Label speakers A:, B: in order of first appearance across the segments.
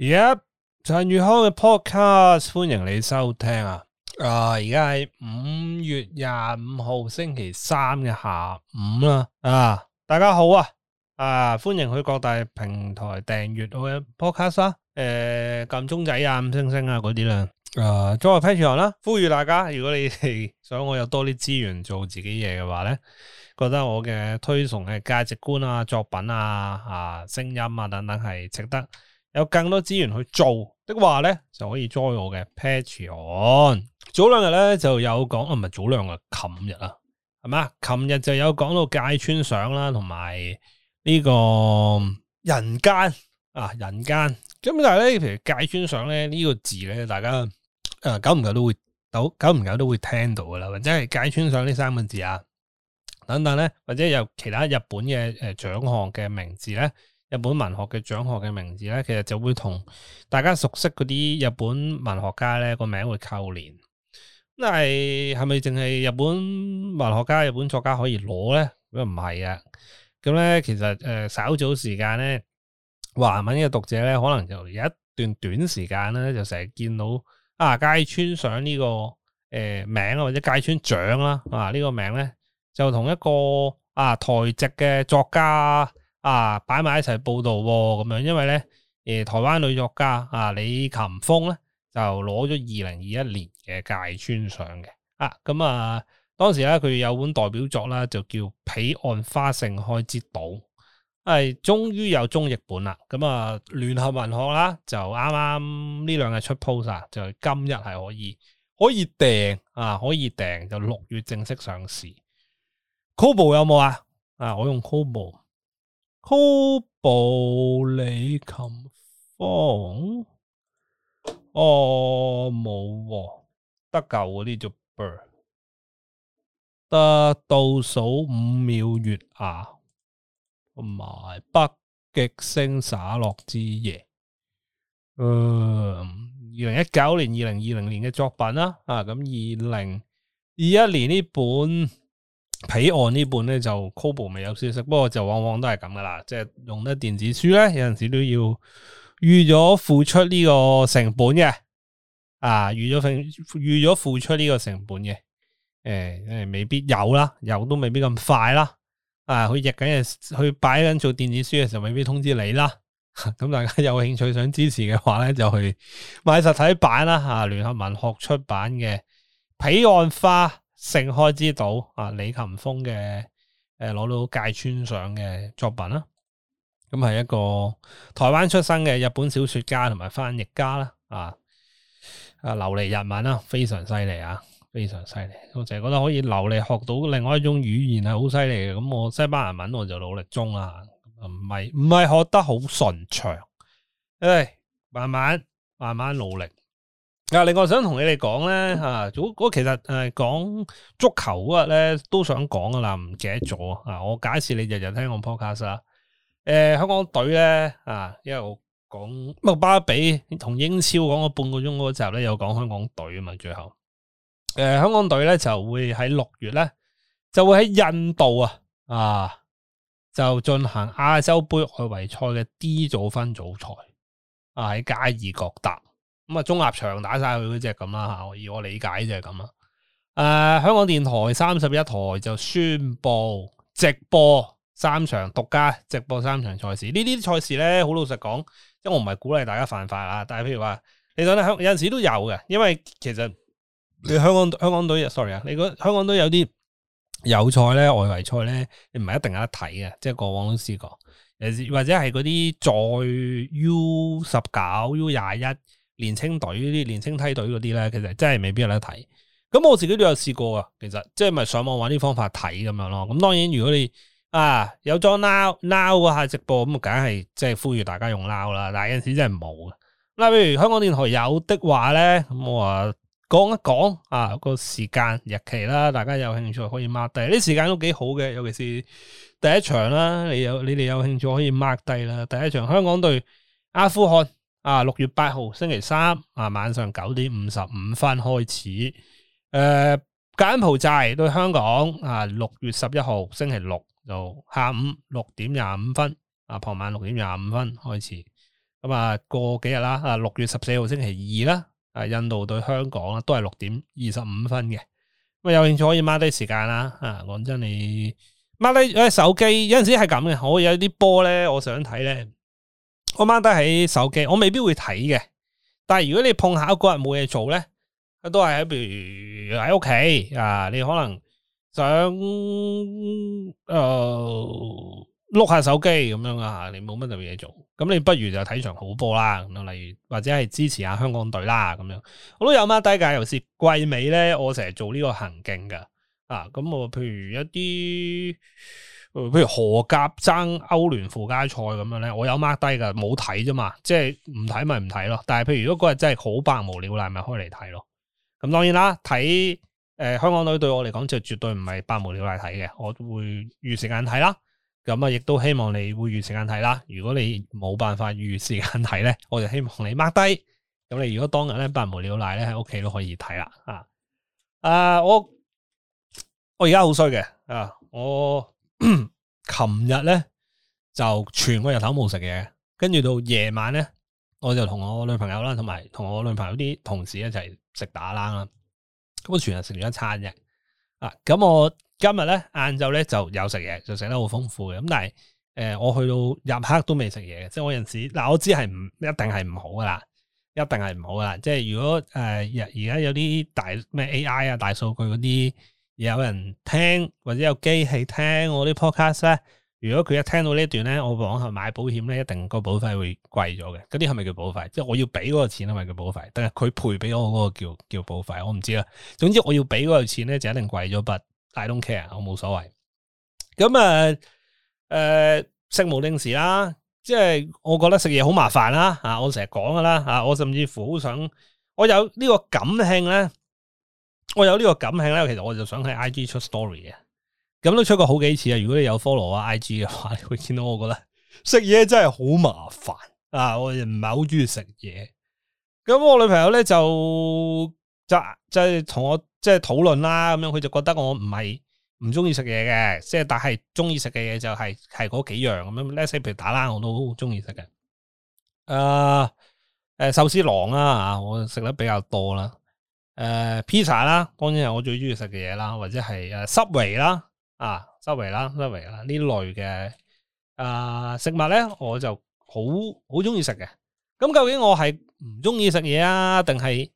A: 而家陳宇康嘅 podcast，歡迎你收聽啊！啊、呃，而家係五月廿五號星期三嘅下午啦！啊，大家好啊！啊，歡迎去各大平台訂閱我嘅 podcast 啊！誒、呃，撳鐘仔啊，五星星啊，嗰啲啦，誒、啊，作為 Patreon 啦，呼籲大家，如果你哋想我有多啲資源做自己嘢嘅話咧，覺得我嘅推崇嘅價值觀啊、作品啊、啊、聲音啊等等係值得。有更多資源去做的話咧，就可以 join 我嘅 Patreon。早兩日咧就有講，唔係早兩日，琴日啊，係咪啊？琴日就有講到芥川獎啦，同埋呢個人間啊，人間。咁但係咧，譬如芥川獎咧呢個字咧，大家誒久唔久都會到，久唔久都會聽到噶啦，或者係芥川獎呢三個字啊等等咧，或者有其他日本嘅誒獎項嘅名字咧。日本文學嘅獎學嘅名字咧，其實就會同大家熟悉嗰啲日本文學家咧個名會扣連，咁係係咪淨係日本文學家、日本作家可以攞咧？咁啊唔係啊，咁咧其實誒稍、呃、早時間咧，華文嘅讀者咧可能就有一段短時間咧，就成日見到啊芥川上呢、這個誒、呃、名啊，或者芥川獎啦啊呢、這個名咧就同一個啊臺籍嘅作家。啊，擺埋一齊報道咁樣，因為咧，誒、呃，台灣女作家啊李琴峰咧就攞咗二零二一年嘅芥川獎嘅，啊，咁啊，當時咧佢有本代表作啦，就叫《彼岸花盛開之島》，係終於有中譯本啦，咁啊，聯合文學啦就啱啱呢兩日出 post 啊，就今日係可以可以訂啊，可以訂就六月正式上市。Kobo 有冇啊？啊，我用 Kobo。好暴李琴芳，哦冇、哦、得救嗰啲就 bird，得倒數五秒月牙、啊，同埋北極星灑落之夜，嗯，二零一九年、二零二零年嘅作品啦、啊，啊，咁二零二一年呢本。彼岸本呢本咧，就 Kobo 未有消息，不過就往往都係咁噶啦，即係用得電子書咧，有陣時都要預咗付出呢個成本嘅，啊預咗付預咗付出呢個成本嘅，誒、呃、誒未必有啦，有都未必咁快啦，啊佢譯緊嘅去擺緊做電子書嘅時候，未必通知你啦。咁、啊、大家有興趣想支持嘅話咧，就去買實體版啦，啊聯合文學出版嘅《彼岸花》。《盛開之島》啊，李琴峰嘅誒攞到芥川獎嘅作品啦，咁係一個台灣出生嘅日本小説家同埋翻譯家啦，啊啊流利日文啦，非常犀利啊，非常犀利，我淨係覺得可以流利學到另外一種語言係好犀利嘅，咁我西班牙文我就努力中啦，唔係唔係學得好順暢，誒，慢慢慢慢努力。啊！另外我想同你哋講咧，吓，我其實誒講足球嗰日咧都想講噶啦，唔記得咗啊！我假設你日日聽我 podcast，誒，香港隊咧啊，因為我講麥巴比同英超講咗半個鐘嗰集咧，有講香港隊啊嘛，最後，誒，香港隊咧就會喺六月咧，就會喺印度啊啊，就進行亞洲盃外圍賽嘅 D 組分組賽啊，喺加爾各答。咁啊，中立場打晒佢嗰隻咁啦吓，以我理解就係咁啦。誒、呃，香港電台三十一台就宣布直播三場獨家直播三場賽事。賽事呢啲賽事咧，好老實講，因為我唔係鼓勵大家犯法啊。但係譬如話，你想睇香有陣時都有嘅，因為其實你香港香港隊，sorry 啊，你講香港隊有啲有賽咧，外圍賽咧，唔係一定有得睇嘅，即、就、係、是、過往都試過。有時或者係嗰啲在 U 十九、U 廿一。年青隊呢啲年青梯隊嗰啲咧，其實真係未必有得睇。咁我自己都有試過啊，其實即係咪上網搵啲方法睇咁樣咯。咁當然如果你啊有裝 now now 下直播，咁啊梗係即係呼籲大家用 now 啦。但係有陣時真係冇嘅。嗱，譬如香港電台有的話咧，咁我話講一講啊、嗰個時間日期啦，大家有興趣可以 mark 低啲時間都幾好嘅，尤其是第一場啦，你有你哋有興趣可以 mark 低啦。第一場香港對阿富汗。啊，六月八號星期三啊，晚上九點五十五分開始。誒、呃，柬埔寨對香港啊，六月十一號星期六就下午六點廿五分啊，傍晚六點廿五分開始。咁、嗯、啊，過幾日啦？啊，六月十四號星期二啦，啊，印度對香港啦，都係六點二十五分嘅。咁啊，有興趣可以 mark 低時間啦、啊。啊，講真，你 mark 低誒手機，有陣時係咁嘅。我有啲波咧，我想睇咧。我孖低喺手機，我未必會睇嘅。但係如果你碰巧嗰日冇嘢做咧，都係喺譬如喺屋企啊，你可能想誒碌、呃、下手機咁樣啊吓，你冇乜特別嘢做，咁你不如就睇場好波啦。咁例如或者係支持下香港隊啦咁樣，我都有孖低噶。尤其是季尾咧，我成日做呢個行徑噶啊。咁我譬如一啲。譬如荷甲爭歐聯附加賽咁樣咧，我有 mark 低噶，冇睇啫嘛，即係唔睇咪唔睇咯。但係譬如如果嗰日真係好百無聊賴，咪開嚟睇咯。咁當然啦，睇誒、呃、香港隊對我嚟講就絕對唔係百無聊賴睇嘅，我都會預時間睇啦。咁啊，亦都希望你會預時間睇啦。如果你冇辦法預時間睇咧，我就希望你 mark 低。咁你如果當日咧，百無聊賴咧，喺屋企都可以睇啦。啊啊，我我而家好衰嘅啊，我。我琴日咧就全個日頭冇食嘢。跟住到夜晚咧，我就同我女朋友啦，同埋同我女朋友啲同事一齊食打冷啦。咁我全日食完一餐啫。啊，咁我今日咧晏晝咧就有食嘢，就食得好豐富嘅。咁但係誒、呃，我去到入黑都未食嘢，即係我陣時嗱，我知係唔一定係唔好噶啦，一定係唔好噶啦。即係如果誒而家有啲大咩 AI 啊，大數據嗰啲。有人聽或者有機器聽我啲 podcast 咧，如果佢一聽到呢段咧，我往後買保險咧，一定個保費會貴咗嘅。嗰啲係咪叫保費？即係我要俾嗰個錢啊，係咪叫保費？但係佢賠俾我嗰個叫叫保費，我唔知啦。總之我要俾嗰個錢咧，就一定貴咗。ButI don't care，我冇所謂。咁啊誒食無定時啦，即係我覺得食嘢好麻煩啦。啊，我成日講噶啦。啊，我甚至乎好想，我有呢個感興咧。我有呢個感興咧，其實我就想喺 I G 出 story 嘅，咁都出過好幾次啊！如果你有 follow 啊 I G 嘅話，你會見到我覺得食嘢真係好麻煩啊！我唔係好中意食嘢，咁我女朋友咧就就就同我即係討論啦，咁樣佢就覺得我唔係唔中意食嘢嘅，即係但係中意食嘅嘢就係係嗰幾樣咁樣，例如打冷，我都中意食嘅，誒誒壽司郎啦、啊，我食得比較多啦。誒，Pizza 啦，uh, Pizza，當然係我最中意食嘅嘢啦，或者係誒，Subway 啦，啊，Subway 啦，Subway 啦，呢類嘅啊食物咧，我就好好中意食嘅。咁究竟我係唔中意食嘢啊，定係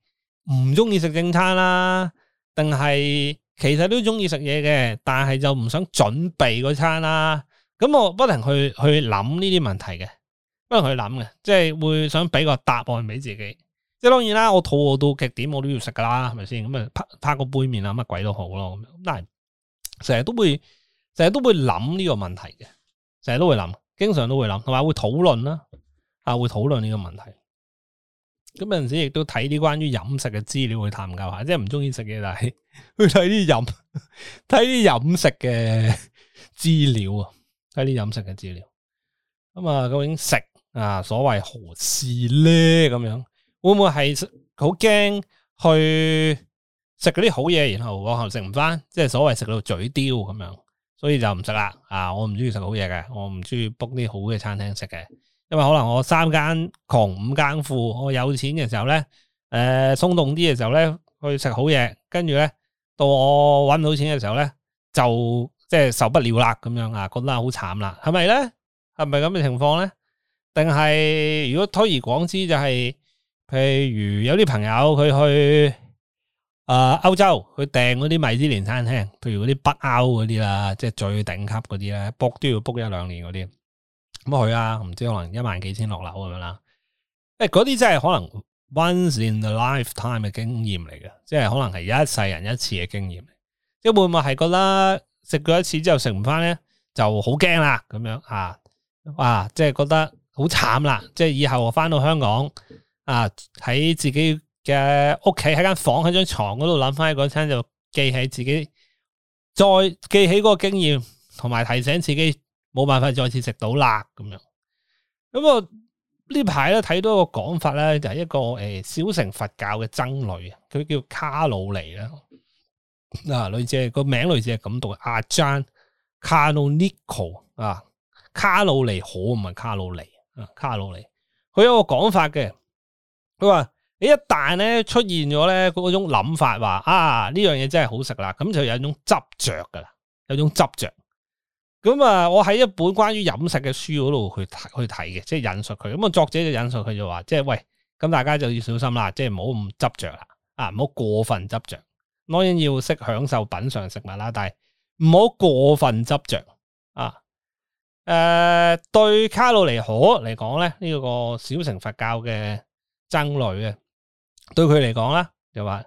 A: 唔中意食正餐啦，定係其實都中意食嘢嘅，但係就唔想準備嗰餐啦。咁我不停去去諗呢啲問題嘅，不停去諗嘅，即係會想俾個答案俾自己。即係當然啦，我肚餓到極點，我都要食噶啦，係咪先？咁啊，拍拍個杯麵啊，乜鬼都好咯。咁但係成日都會，成日都會諗呢個問題嘅，成日都會諗，經常都會諗，同埋會討論啦，啊，會討論呢個問題。咁有陣時亦都睇啲關於飲食嘅資料去探究下，即係唔中意食嘅，但係去睇啲飲，睇啲飲食嘅資料啊，睇啲飲食嘅資料。咁啊，究竟，食啊，所謂何事咧？咁樣。會唔會係好驚去食嗰啲好嘢，然後往後食唔翻，即係所謂食到嘴刁咁樣，所以就唔食啦。啊，我唔中意食好嘢嘅，我唔中意 book 啲好嘅餐廳食嘅，因為可能我三更窮五更富。我有錢嘅時候咧，誒、呃、鬆動啲嘅時候咧，去食好嘢，跟住咧到我揾唔到錢嘅時候咧，就即係、就是、受不了啦咁樣啊，覺得好慘啦，係咪咧？係咪咁嘅情況咧？定係如果推而廣之就係、是？譬如有啲朋友佢去誒歐、呃、洲，去訂嗰啲米芝蓮餐廳，譬如嗰啲北歐嗰啲啦，即係最頂級嗰啲咧，book 都要 book 一兩年嗰啲，咁佢啊，唔知可能一萬幾千落樓咁樣啦。誒，嗰啲真係可能 once in a lifetime 嘅經驗嚟嘅，即係可能係一世人一次嘅經驗。即係會唔會係覺得食過一次之後食唔翻咧，就好驚啦，咁樣啊，啊，即係覺得好慘啦，即係以後我翻到香港。啊！喺自己嘅屋企喺間房喺張床嗰度諗翻起嗰餐就記起自己，再記起嗰個經驗，同埋提醒自己冇辦法再次食到辣咁樣。咁我呢排咧睇到一個講法咧，就係、是、一個誒、欸、小乘佛教嘅僧侶，佢叫卡魯尼啦。啊，類似個名類似係咁讀阿 Jan Carunico 啊，卡魯尼，好，唔係卡魯尼啊？卡魯尼，佢有個講法嘅。佢話你一旦咧出現咗咧嗰種諗法，話啊呢樣嘢真係好食啦，咁就有一種執着噶啦，有種執着。咁啊，我喺一本關於飲食嘅書嗰度去去睇嘅，即係引述佢。咁啊，作者就引述佢就話，即係喂，咁大家就要小心啦，即係唔好咁執着啦，啊，唔好過分執着。當然要識享受品嘗食物啦，但係唔好過分執着啊。誒、呃，對卡路里可嚟講咧，呢、這個小乘佛教嘅。僧侶嘅，對佢嚟講啦，就話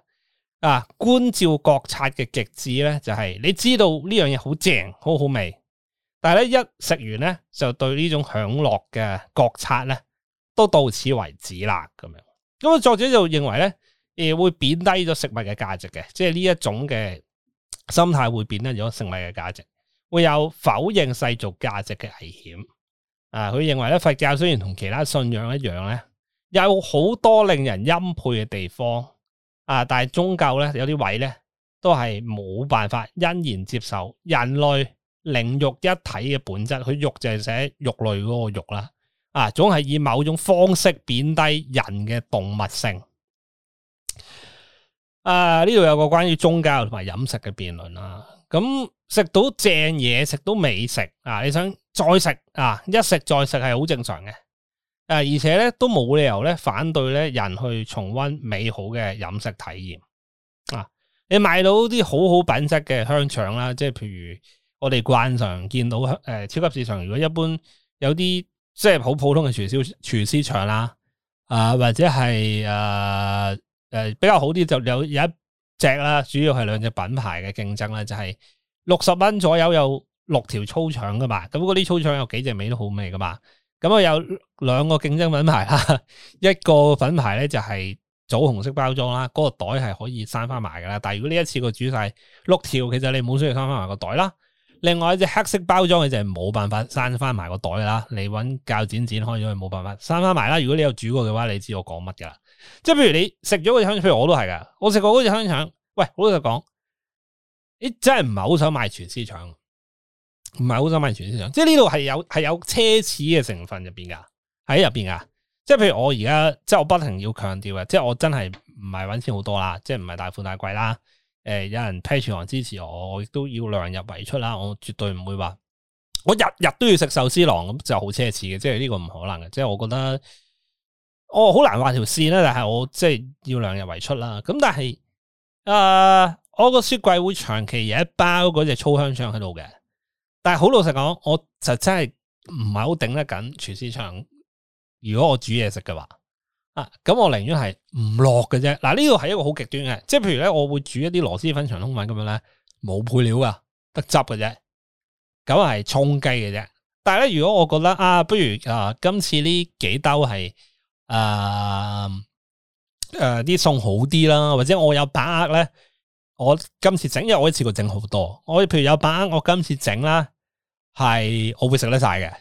A: 啊，觀照覺察嘅極致咧，就係、是、你知道呢樣嘢好正，好好味，但係咧一食完咧，就對呢種享樂嘅覺察咧，都到此為止啦，咁樣。咁啊，作者就認為咧，而、呃、會貶低咗食物嘅價值嘅，即係呢一種嘅心態會貶低咗食物嘅價值，會有否認世俗價值嘅危險。啊，佢認為咧，佛教雖然同其他信仰一樣咧。有好多令人欽佩嘅地方啊，但係宗教咧有啲位咧都係冇辦法欣然接受人類靈肉一體嘅本質，佢肉就係寫肉類嗰個肉啦，啊，總係以某種方式貶低人嘅動物性。啊，呢度有個關於宗教同埋飲食嘅辯論啦，咁、啊、食到正嘢，食到美食啊，你想再食啊，一食再食係好正常嘅。誒，而且咧都冇理由咧反對咧人去重溫美好嘅飲食體驗啊！你買到啲好好品質嘅香腸啦，即係譬如我哋慣常見到誒、呃、超級市場，如果一般有啲即係好普通嘅廚師廚師腸啦，啊或者係誒誒比較好啲就有有一隻啦，主要係兩隻品牌嘅競爭咧，就係六十蚊左右有六條粗腸噶嘛，咁嗰啲粗腸有幾隻味都好味噶嘛。咁啊、嗯、有兩個競爭品牌啦，一個品牌咧就係棗紅色包裝啦，嗰、那個袋係可以閂翻埋噶啦。但係如果呢一次佢煮晒六條，其實你冇需要閂翻埋個袋啦。另外一隻黑色包裝嘅就係冇辦法閂翻埋個袋啦。你揾鉸剪剪開咗，佢冇辦法閂翻埋啦。如果你有煮過嘅話，你知我講乜噶啦？即係譬如你食咗嗰隻香腸，譬如我都係噶，我食過好似香腸。喂，好老實講，你真係唔係好想買廚師腸。唔係好想買全線上。即係呢度係有係有奢侈嘅成分入邊噶，喺入邊噶。即係譬如我而家，即係我不停要強調嘅，即係我真係唔係揾錢好多啦，即係唔係大富大貴啦。誒、呃，有人 Patreon 支持我，我亦都要量入為出啦。我絕對唔會話我日日都要食壽司郎咁就好奢侈嘅，即係呢個唔可能嘅。即係我覺得我好難劃條線咧，但係我即係要量入為出啦。咁但係誒、呃，我個雪櫃會長期有一包嗰隻粗香腸喺度嘅。但係好老實講，我就真係唔係好頂得緊。廚師腸，如果我煮嘢食嘅話，啊咁我寧願係唔落嘅啫。嗱，呢度係一個好極端嘅，即係譬如咧，我會煮一啲螺絲粉、長通粉咁樣咧，冇配料噶，得汁嘅啫。咁係沖雞嘅啫。但係咧，如果我覺得啊，不如啊，今次呢幾兜係誒誒啲餸好啲啦，或者我有把握咧，我今次整，因為我一次過整好多，我譬如有把握，我今次整啦。係我會食得晒嘅，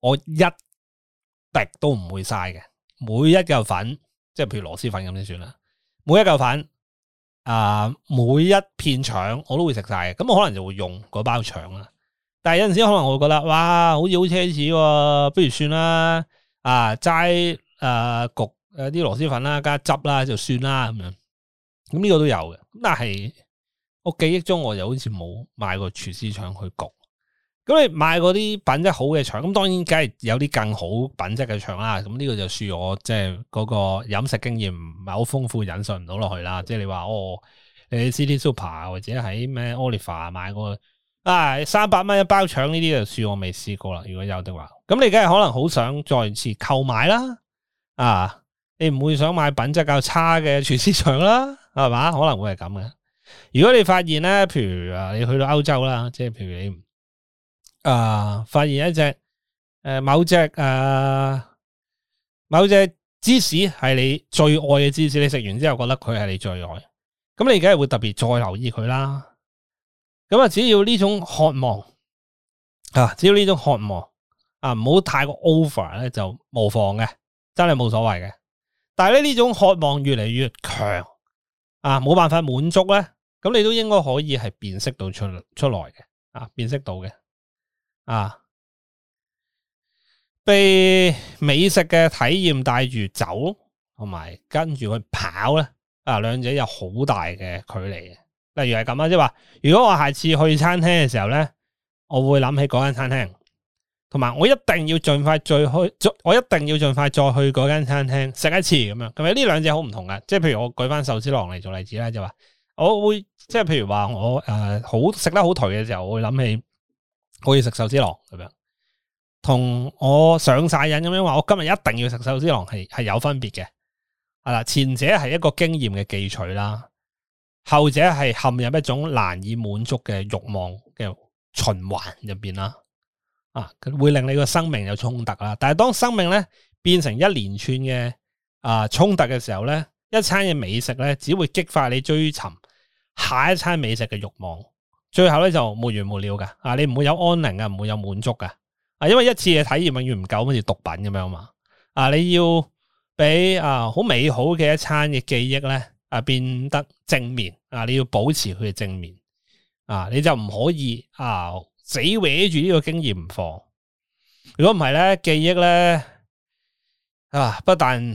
A: 我一滴都唔會嘥嘅。每一嚿粉，即係譬如螺螄粉咁，就算啦。每一嚿粉，啊、呃，每一片腸我都會食晒嘅。咁我可能就會用嗰包腸啦。但係有陣時可能我會覺得，哇，好似好奢侈，哦，不如算啦。啊，齋誒、呃、焗誒啲螺螄粉啦，加汁啦，就算啦咁樣。咁呢個都有嘅。咁但係我記憶中我又好似冇買過廚師腸去焗。咁你買嗰啲品質好嘅腸，咁當然梗係有啲更好品質嘅腸啦。咁呢個就恕我，即係嗰個飲食經驗唔係好豐富，忍受唔到落去啦。即係你話哦，誒 City Super 或者喺咩 Oliver 買過啊三百蚊一包腸，呢啲就恕我未試過啦。如果有的話，咁你梗係可能好想再次購買啦。啊，你唔會想買品質較差嘅廚師腸啦，係嘛？可能會係咁嘅。如果你發現咧，譬如啊，你去到歐洲啦，即係譬如你。啊、呃！發現一隻誒、呃，某隻啊、呃，某隻芝士係你最愛嘅芝士，你食完之後覺得佢係你最愛，咁你梗係會特別再留意佢啦。咁啊，只要呢種渴望啊，只要呢種渴望啊，唔好太過 over 咧，就無妨嘅，真係冇所謂嘅。但係咧，呢種渴望越嚟越強啊，冇辦法滿足咧，咁你都應該可以係辨識到出出來嘅，啊，辨識到嘅。啊！被美食嘅體驗帶住走，同埋跟住去跑咧，啊，兩者有好大嘅距離。例如係咁啊，即係話，如果我下次去餐廳嘅時候咧，我會諗起嗰間餐廳，同埋我一定要盡快再去，我一定要盡快再去嗰間餐廳食一次咁樣。咁啊，呢兩者好唔同嘅。即係譬如我舉翻壽司郎嚟，做例子咧，就話，是，我會即係譬如話我誒、呃、好食得好頹嘅時候，我會諗起。我要食壽司郎咁樣，同我上晒癮咁樣話，我今日一定要食壽司郎，係係有分別嘅。係啦，前者係一個經驗嘅記取啦，後者係陷入一種難以滿足嘅欲望嘅循環入邊啦。啊，會令你個生命有衝突啦。但係當生命咧變成一連串嘅啊衝突嘅時候咧，一餐嘅美食咧只會激發你追尋下一餐美食嘅欲望。最後咧就沒完沒了噶，啊你唔會有安寧啊，唔會有滿足噶，啊因為一次嘅體驗永遠唔夠，好似毒品咁樣嘛，啊你要俾啊好美好嘅一餐嘅記憶咧啊變得正面啊，你要保持佢嘅正面啊，你就唔可以啊死搲住呢個經驗唔放，如果唔係咧記憶咧啊不但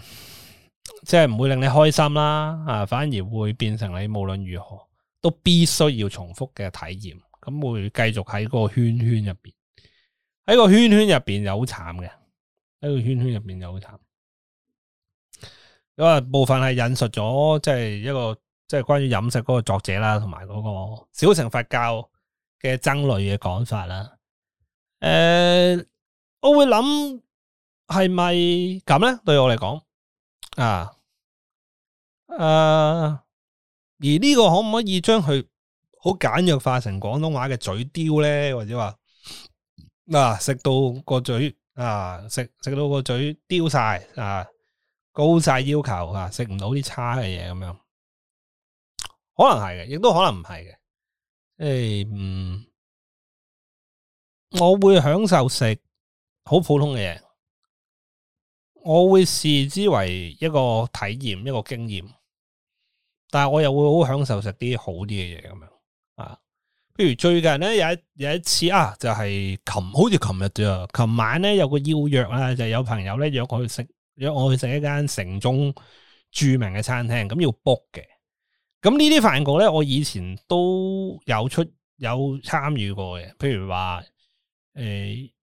A: 即係唔會令你開心啦，啊反而會變成你無論如何。都必須要重複嘅體驗，咁會繼續喺嗰個圈圈入邊，喺個圈圈入邊又好慘嘅，喺個圈圈入邊又好慘。因為、嗯、部分係引述咗，即、就、係、是、一個即係、就是、關於飲食嗰個作者啦，同埋嗰個小乘佛教嘅僧侶嘅講法啦。誒、呃，我會諗係咪咁咧？對我嚟講，啊，誒、啊。而呢個可唔可以將佢好簡約化成廣東話嘅嘴刁咧，或者話嗱食到個嘴啊，食食到個嘴刁晒啊，高晒、啊、要求啊，食唔到啲差嘅嘢咁樣，可能係嘅，亦都可能唔係嘅。誒、哎，嗯，我會享受食好普通嘅嘢，我會視之為一個體驗，一個經驗。但係我又會好享受食啲好啲嘅嘢咁樣啊，譬如最近咧有有一次啊，就係、是、琴好似琴日咋，琴晚咧有個邀約啦，就是、有朋友咧約我去食，約我去食一間城中著名嘅餐廳，咁要 book 嘅。咁、嗯、呢啲飯局咧，我以前都有出有參與過嘅，譬如話誒、呃、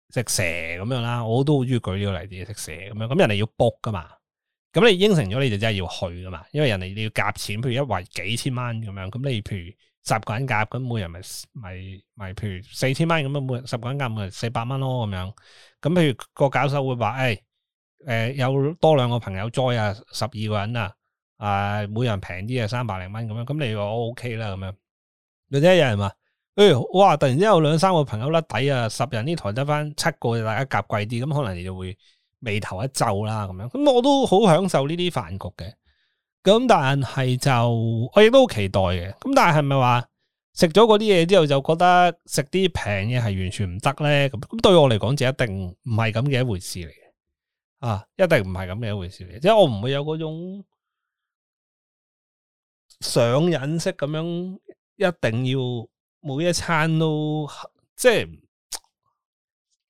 A: 食蛇咁樣啦，我都好中意舉呢個例子，食蛇咁樣，咁、嗯、人哋要 book 噶嘛。咁你應承咗你就真係要去㗎嘛？因為人哋你要夾錢，譬如一圍幾千蚊咁樣，咁你譬如十個人夾，咁每人咪咪咪，就是就是、譬如四千蚊咁樣，每人十個人夾咪四百蚊咯咁樣。咁譬如、個教授會話，誒誒有多兩個朋友 join 啊，十二個人啊，啊、呃，每人平啲啊，三百零蚊咁樣。咁你話我 OK 啦咁樣。兩三日有人話，誒、哎，哇！突然之間有兩三個朋友甩底啊，十人呢台得返七個，大家夾貴啲，咁可能你就會，眉頭一皺啦，咁樣咁我都好享受呢啲飯局嘅，咁但係就我亦都好期待嘅，咁但係係咪話食咗嗰啲嘢之後就覺得食啲平嘢係完全唔得咧？咁咁對我嚟講就一定唔係咁嘅一回事嚟嘅，啊，一定唔係咁嘅一回事嚟，即係我唔會有嗰種上癮式咁樣，一定要每一餐都即係。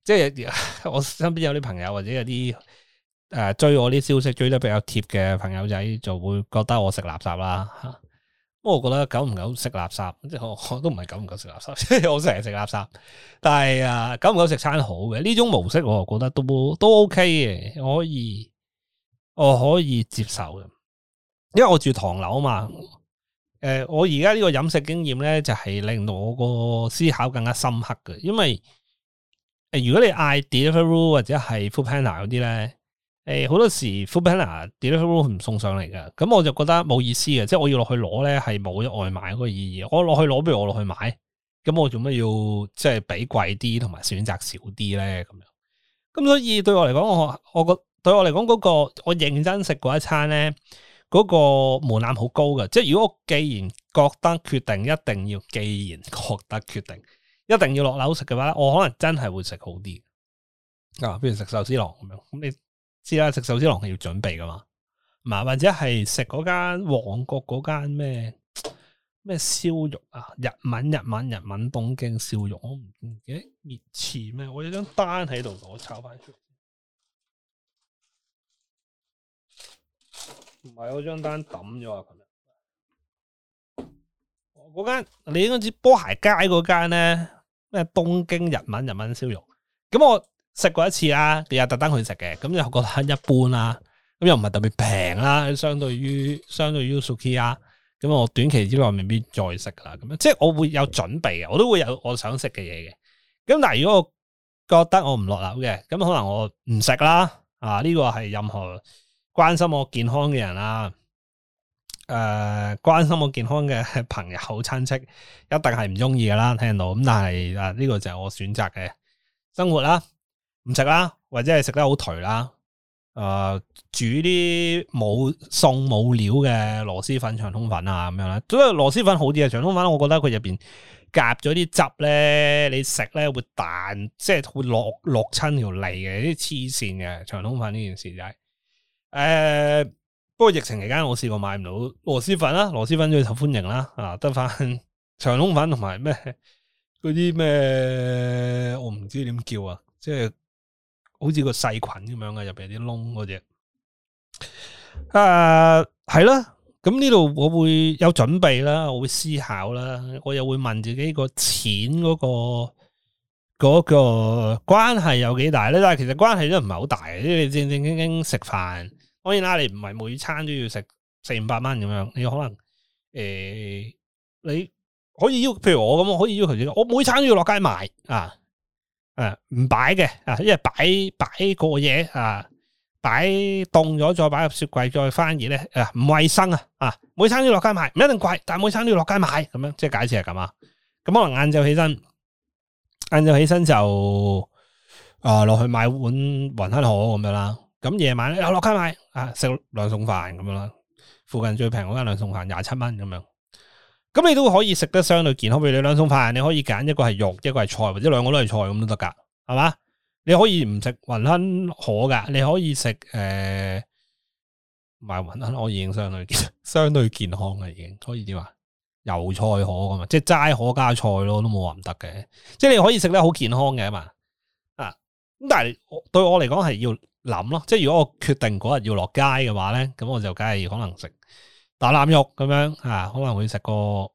A: 即係我身邊有啲朋友或者有啲誒、呃、追我啲消息追得比較貼嘅朋友仔，就會覺得我食垃圾啦吓。咁我覺得久唔久食垃圾，即係我，我都唔係久唔久食垃圾，即 係我成日食垃圾。但係啊，久唔久食餐好嘅呢種模式，我覺得都都 OK 嘅，可以我可以接受嘅。因為我住唐樓嘛，誒、呃，我而家呢個飲食經驗咧，就係、是、令到我個思考更加深刻嘅，因為。如果你嗌 deliveroo 或者係 foodpanda 嗰啲咧，誒、欸、好多時 foodpanda deliveroo 唔送上嚟嘅，咁我就覺得冇意思嘅，即係我要落去攞咧係冇咗外賣嗰個意義，我落去攞，不如我落去買，咁我做咩要即係畀貴啲同埋選擇少啲咧？咁樣，咁所以對我嚟講，我我覺對我嚟講、嗰個我認真食過一餐咧，嗰、嗰個門檻好高嘅，即係如果我既然覺得決定一定要，既然覺得決定。一定要落樓食嘅話，我可能真係會食好啲啊！比如食壽司郎咁樣，咁你知啦，食壽司郎係要準備噶嘛，嗱或者係食嗰間旺角嗰間咩咩燒肉啊，日文日文日文東京燒肉，我唔記得熱錢咩？我有張單喺度，我抄翻出嚟先，唔係我張單抌咗啊！嗰間你應該知波鞋街嗰間咧。.咩東京日文日文燒肉，咁我食過一次啦，又特登去食嘅，咁又覺得一般啦，咁又唔係特別平啦，相對於相對於 Sukiya，咁我短期之內未必再食啦，咁樣即係我會有準備嘅，我都會有我想食嘅嘢嘅，咁但係如果我覺得我唔落樓嘅，咁可能我唔食啦，啊呢個係任何關心我健康嘅人啦。誒、呃，關心我健康嘅朋友、親戚一定係唔中意噶啦，聽到咁，但係誒呢個就係我選擇嘅生活啦，唔食啦，或者係食得好頹啦，誒、呃，煮啲冇餸冇料嘅螺螄粉、長通粉啊，咁樣啦，總之螺螄粉好啲啊，長通粉我覺得佢入邊夾咗啲汁咧，你食咧會彈，即係會落落親條脷嘅，啲黐線嘅長通粉呢件事就係誒。呃不過疫情期間我試過買唔到螺螄粉啦，螺螄粉最受歡迎、啊啊、啦，啊得翻長隆粉同埋咩嗰啲咩我唔知點叫啊，即係好似個細菌咁樣嘅入邊啲窿嗰隻。啊係啦，咁呢度我會有準備啦，我會思考啦，我又會問自己個錢、嗰個錢嗰個嗰個關係有幾大咧？但係其實關係都唔係好大，你正正經經食飯。當然啦，你唔係每餐都要食四五百蚊咁樣，你可能誒、欸，你可以要，譬如我咁，可以要求你，我每餐都要落街買啊，誒、啊，唔擺嘅啊，因為擺擺個嘢啊，擺凍咗再擺入雪櫃再翻熱咧啊，唔衛生啊，啊，每餐都要落街買，唔一定貴，但每餐都要落街買，咁樣即係解釋係咁啊。咁可能晏晝起身，晏晝起身就啊落去買碗雲吞河咁樣啦。咁夜晚咧落街買啊，食兩餸飯咁樣啦。附近最平嗰間兩餸飯廿七蚊咁樣，咁你都可以食得相對健康。譬如你兩餸飯，你可以揀一個係肉，一個係菜，或者兩個都係菜咁都得噶，係嘛？你可以唔食雲吞河噶，你可以食誒，唔係雲吞河已經相對相對健康嘅，已經可以點啊？油菜河咁嘛，即係齋河加菜咯，都冇話唔得嘅。即係你可以食得好健康嘅啊嘛啊！咁但係對我嚟講係要。諗咯，即係如果我決定嗰日要落街嘅話咧，咁我就梗係可能食大腩肉咁樣吓、啊，可能會食個誒、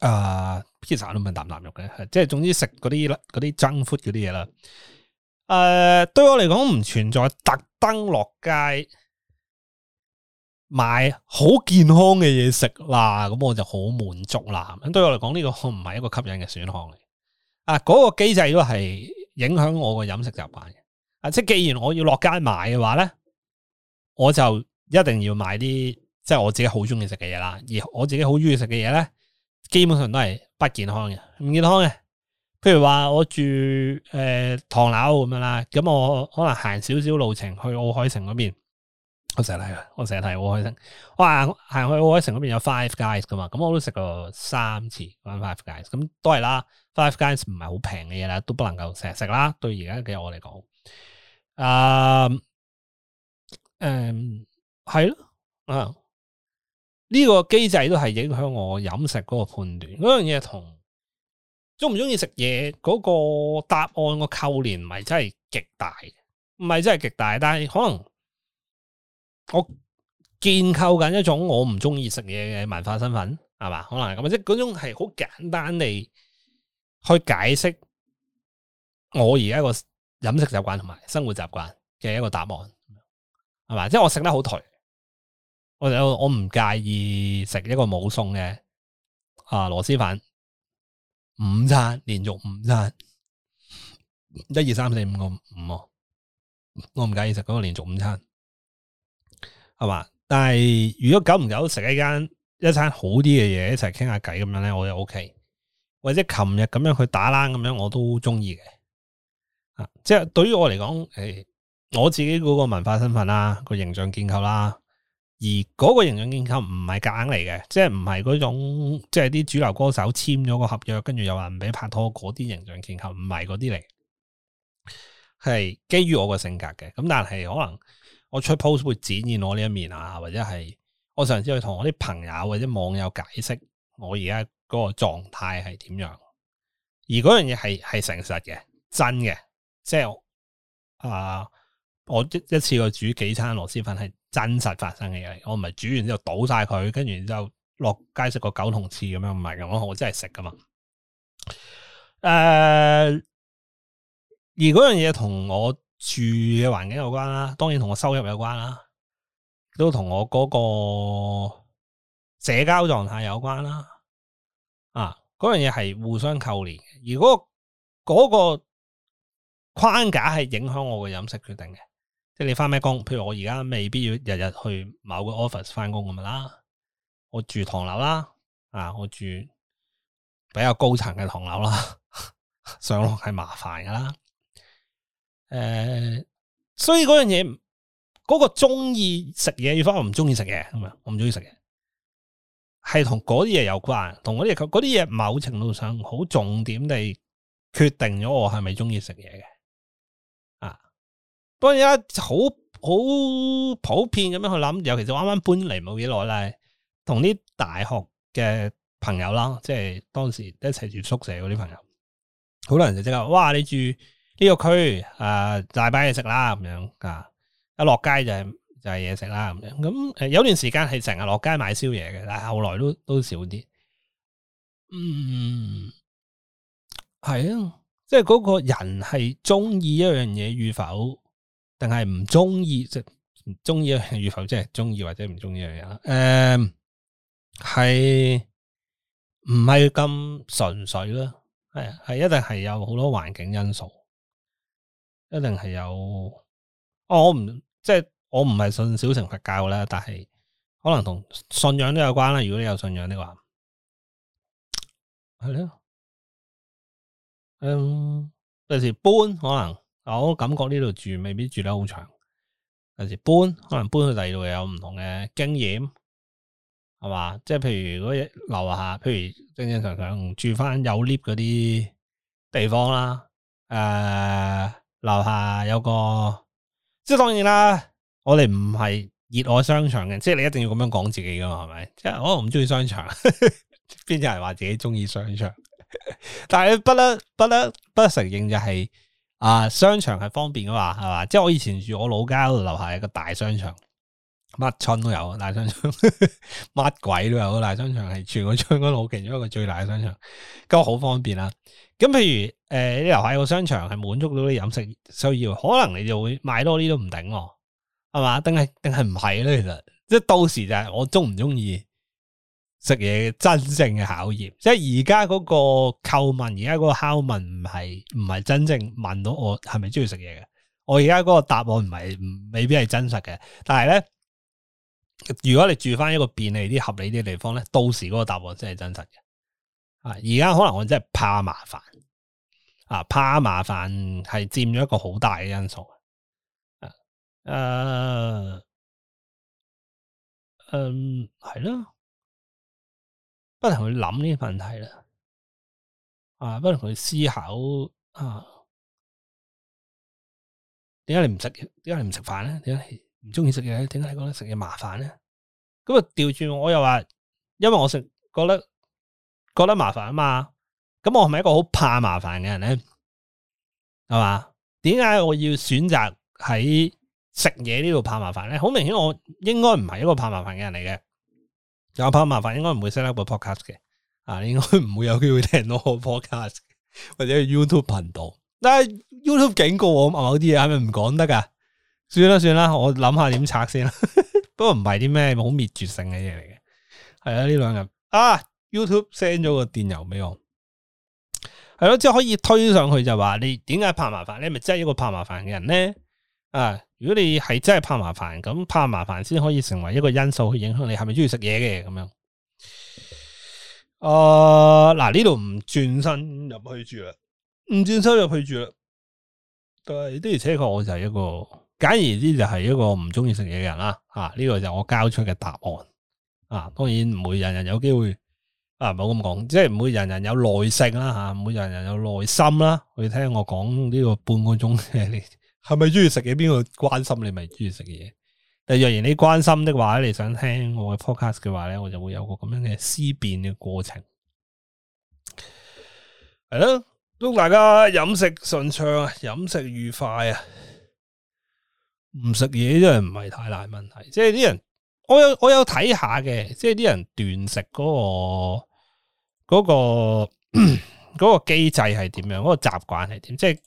A: 呃、披薩都唔係大腩肉嘅，即係總之食嗰啲啲 junk food 嗰啲嘢啦。誒、啊，對我嚟講唔存在特登落街買好健康嘅嘢食啦，咁、啊、我就好滿足啦。咁對我嚟講呢個唔係一個吸引嘅選項嚟，啊，嗰、那個機制都係影響我個飲食習慣。啊！即係既然我要落街買嘅話咧，我就一定要買啲即係我自己好中意食嘅嘢啦。而我自己好中意食嘅嘢咧，基本上都係不健康嘅，唔健康嘅。譬如話我住誒唐樓咁樣啦，咁我可能行少少路程去奧海城嗰邊，我成日睇，我成日睇奧海城。我行，行去奧海城嗰邊有 Five Guys 噶嘛，咁我都食過三次翻 Five Guys，咁都係啦。Five Guys 唔係好平嘅嘢啦，都不能夠成日食啦。對而家嘅我嚟講。啊，誒、嗯，係咯，啊，呢、這個機制都係影響我飲食嗰個判斷，嗰樣嘢同中唔中意食嘢嗰個答案個扣連，唔係真係極大，唔係真係極大，但係可能我建構緊一種我唔中意食嘢嘅文化身份，係嘛？可能咁即係嗰種係好簡單地去解釋我而家個。飲食習慣同埋生活習慣嘅一個答案係嘛？即係我食得好頹，我就我我唔介意食一個冇餸嘅啊螺螄粉，午餐連續午餐，一二三四五個五哦，我唔介意食咁個連續午餐係嘛？但係如果久唔久食一間一餐好啲嘅嘢，一齊傾下偈咁樣咧，我又 OK，或者琴日咁樣去打冷咁樣，我都中意嘅。即係對於我嚟講，誒、哎，我自己嗰個文化身份啦，個形象建構啦，而嗰個形象建構唔係夾硬嚟嘅，即係唔係嗰種，即係啲主流歌手簽咗個合約，跟住又話唔俾拍拖嗰啲形象建構，唔係嗰啲嚟，係基於我個性格嘅。咁但係可能我出 post 會展現我呢一面啊，或者係我上次去同我啲朋友或者網友解釋我而家嗰個狀態係點樣，而嗰樣嘢係係誠實嘅，真嘅。即係，啊！我一一次過煮幾餐螺螄粉係真實發生嘅嘢，我唔係煮完之後倒晒佢，跟住就落街食個九同翅。咁樣唔係咁咯，我真係食噶嘛。誒、呃，而嗰樣嘢同我住嘅環境有關啦、啊，當然同我收入有關啦、啊，都同我嗰個社交狀態有關啦、啊。啊，嗰樣嘢係互相扣連，如果嗰個。框架係影響我嘅飲食決定嘅，即係你翻咩工？譬如我而家未必要日日去某個 office 翻工咁樣啦，我住唐樓啦，啊我住比較高層嘅唐樓啦， 上落係麻煩噶啦。誒、呃，所以嗰樣嘢，嗰、嗰個中意食嘢，與翻我唔中意食嘢，咁樣？我唔中意食嘢，係同嗰啲嘢有關，同嗰啲嘢啲嘢，某程度上好重點地決定咗我係咪中意食嘢嘅。不過而家好好普遍咁樣去諗，尤其是啱啱搬嚟，冇幾耐，同啲大學嘅朋友啦，即係當時一齊住宿舍嗰啲朋友，好多人就即刻，哇！你住呢個區，誒，大把嘢食啦，咁樣啊！一落街就係就係嘢食啦，咁樣咁誒，有段時間係成日落街買宵夜嘅，但係後來都都少啲。嗯，係啊，即係嗰個人係中意一樣嘢與否。定係唔中意，即係唔中意啊？與否，即係中意或者唔中意嘅人啦。誒、嗯，係唔係咁純粹咧？係係一定係有好多環境因素，一定係有。哦，就是、我唔即係我唔係信小乘佛教啦，但係可能同信仰都有關啦。如果你有信仰的，你話係咯，嗯，有時搬可能。我感覺呢度住未必住得好長，有時搬可能搬去第二度有唔同嘅經驗，係嘛？即係譬如如果樓下，譬如正正常常，常住翻有 lift 嗰啲地方啦，誒、呃、樓下有個即係當然啦，我哋唔係熱愛商場嘅，即係你一定要咁樣講自己噶嘛，係咪？即係我唔中意商場，邊 隻人話自己中意商場， 但係你不得不得，不，得不得承認就係、是。啊！商場係方便噶嘛，係嘛？即係我以前住我老家嗰度樓下有一個大商場，乜村都有大商場，乜 鬼都有大商場，係全個村嗰度其中一個最大嘅商場，咁好方便啦。咁譬如誒，你、呃、樓下有個商場係滿足到啲飲食需要，可能你就會買多啲都唔頂哦，係嘛？定係定係唔係咧？其實即係到時就係我鍾唔鍾意。食嘢真正嘅考驗，即係而家嗰個叩問，而家嗰個敲問唔係唔係真正問到我係咪中意食嘢嘅？我而家嗰個答案唔係未必係真實嘅。但係咧，如果你住翻一個便利啲、合理啲嘅地方咧，到時嗰個答案真係真實嘅。啊，而家可能我真係怕麻煩，啊，怕麻煩係佔咗一個好大嘅因素。啊，誒、啊，嗯，係咯。不能去諗呢啲問題啦，啊，不能去思考啊，點解你唔食？點解你唔食飯咧？點解唔中意食嘢？點解覺得食嘢麻煩呢？咁啊，調轉、嗯、我又話，因為我食覺得覺得麻煩啊嘛，咁我係咪一個好怕麻煩嘅人咧，係嘛？點解我要選擇喺食嘢呢度怕麻煩呢？好明顯，我應該唔係一個怕麻煩嘅人嚟嘅。有怕麻煩，應該唔會 set up 個 podcast 嘅，啊，你應該唔會有機會聽到我個 podcast 的或者 YouTube 頻道。但、啊、係 YouTube 警告我某啲嘢，係咪唔講得噶？算啦算啦，我諗下點拆先啦。 不過唔係啲咩好滅絕性嘅嘢嚟嘅，係啊呢兩日啊 YouTube send 咗個電郵俾我，係咯、啊，即係可以推上去就話你點解怕麻煩？你係咪真係一個怕麻煩嘅人咧？啊！如果你係真係怕麻煩，咁怕麻煩先可以成為一個因素去影響你係咪中意食嘢嘅咁樣。誒、呃，嗱呢度唔轉身入去住啦，唔轉身入去住啦。對的而且確我就係一個，簡而之就係一個唔中意食嘢嘅人啦。吓、啊，呢、這個就我交出嘅答案。啊，當然唔會人人有機會。啊，唔好咁講，即係唔會人人有耐性啦，吓、啊，唔會人人有耐心啦、啊。去聽我講呢個半個鐘。 係咪中意食嘢？邊個關心你咪中意食嘢？但若然你關心的話，你想聽我嘅 podcast 嘅話咧，我就會有個咁樣嘅思辨嘅過程。係咯，祝大家飲食順暢啊，飲食愉快啊！唔食嘢真係唔係太大問題，即係啲人我有我有睇下嘅，即係啲人斷食嗰個嗰個嗰個 機制係點樣，嗰個習慣係點，即係。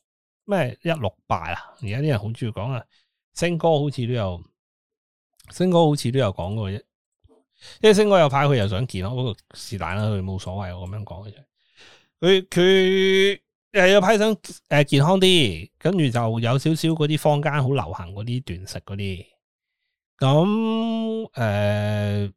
A: 咩一六八啊！而家啲人好中意講啊，星哥好似都有，星哥好似都有講過，啫，因為星哥有派佢又想健康，嗰個是但啦，佢冇所謂，我咁樣講嘅啫。佢佢有派想誒健康啲，跟住就有少少嗰啲坊間好流行嗰啲斷食嗰啲，咁誒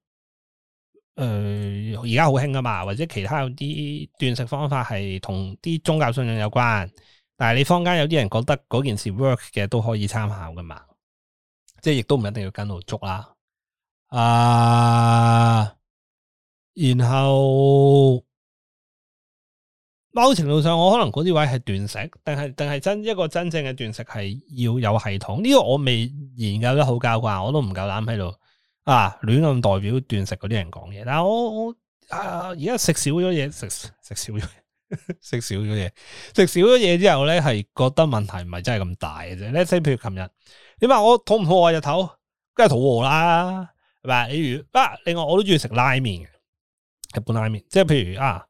A: 誒而家好興噶嘛，或者其他啲斷食方法係同啲宗教信仰有關。但係你坊間有啲人覺得嗰件事 work 嘅都可以參考㗎嘛？即係亦都唔一定要跟到足啦。啊，uh，然後某程度上我可能嗰啲位係斷食，定係但係真一個真正嘅斷食係要有系統。呢個我未研究得好交關，我都唔夠膽喺度啊亂咁代表斷食嗰啲人講嘢。但係我我啊而家食少咗嘢，食食少咗嘢。食 少咗嘢，食少咗嘢之後咧，係覺得問題唔係真係咁大嘅啫。咧，即譬如琴日，點啊？我肚唔肚餓？日頭梗係肚餓啦，係咪？例如，肚肚例如啊，另外我都中意食拉麵嘅，日本拉麵。即係譬如啊，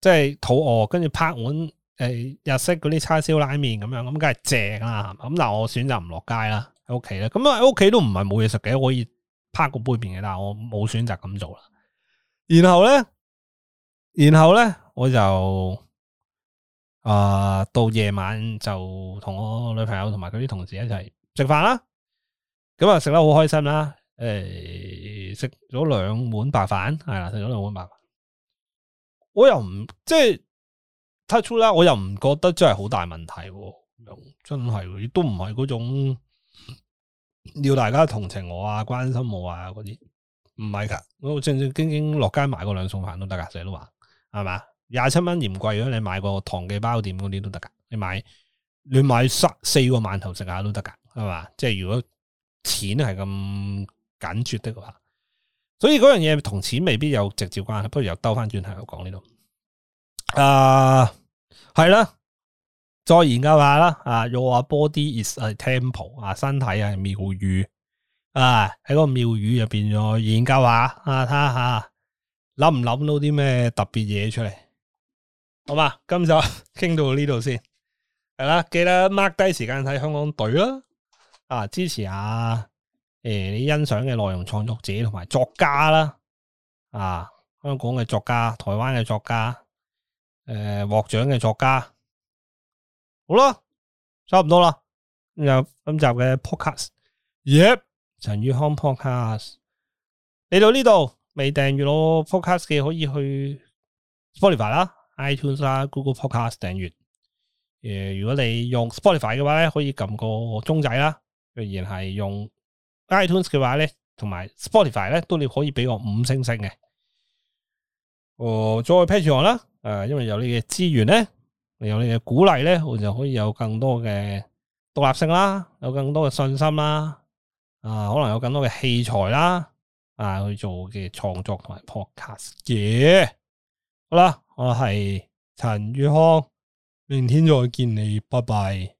A: 即係肚餓，跟住拍碗誒、呃、日式嗰啲叉燒拉麵咁樣，咁梗係正啊。咁但我選擇唔落街啦，喺屋企啦。咁啊喺屋企都唔係冇嘢食嘅，可以拍個杯麵嘅，但係我冇選擇咁做啦。然後咧。然後咧，我就啊、呃、到夜晚就同我女朋友同埋佢啲同事一齊食飯啦。咁啊食得好開心啦。誒食咗兩碗白飯係啦，食咗兩碗白飯。我又唔即係太粗啦，我又唔覺得真係好大問題。真係，亦都唔係嗰種要大家同情我啊、關心我啊嗰啲。唔係噶，我正正經經落街買過兩餸飯都得噶，成日都話。係嘛？廿七蚊嫌貴，如果你買個糖記包店嗰啲都得噶。你買你買十、四個饅頭食下都得噶，係嘛？即係如果錢係咁緊絕的話，所以嗰樣嘢同錢未必有直接關係。不如又兜翻轉頭講呢度。誒，係、uh, 啦，再研究下啦。啊，又話 body is a temple 啊，身體係廟宇啊，喺、uh, 個廟宇入邊再研究下啊，睇下。看看諗唔諗到啲咩特別嘢出嚟？好嘛，今集傾到呢度先，係啦。記得 mark 低時間睇香港隊啦，啊，支持下誒、欸、你欣賞嘅內容創作者同埋作家啦，啊，香港嘅作家，台灣嘅作家，誒、欸，獲獎嘅作家，好啦，差唔多啦。咁就今集嘅 podcast，y e p 陳宇康 podcast 嚟到呢度。未訂閱咯，Podcast 嘅可以去 Spotify 啦、iTunes 啦、Google Podcast 訂閱。誒，如果你用 Spotify 嘅話咧，可以撳個鐘仔啦。若然係用 iTunes 嘅話咧，同埋 Spotify 咧，都你可以畀我五星星嘅。哦、呃，再 Patreon 我啦！誒，因為有你嘅資源咧，有你嘅鼓勵咧，我就可以有更多嘅獨立性啦，有更多嘅信心啦。啊、呃，可能有更多嘅器材啦。啊！去做嘅創作同埋 podcast 嘅，好啦，我係陳宇康，明天再見你，拜拜。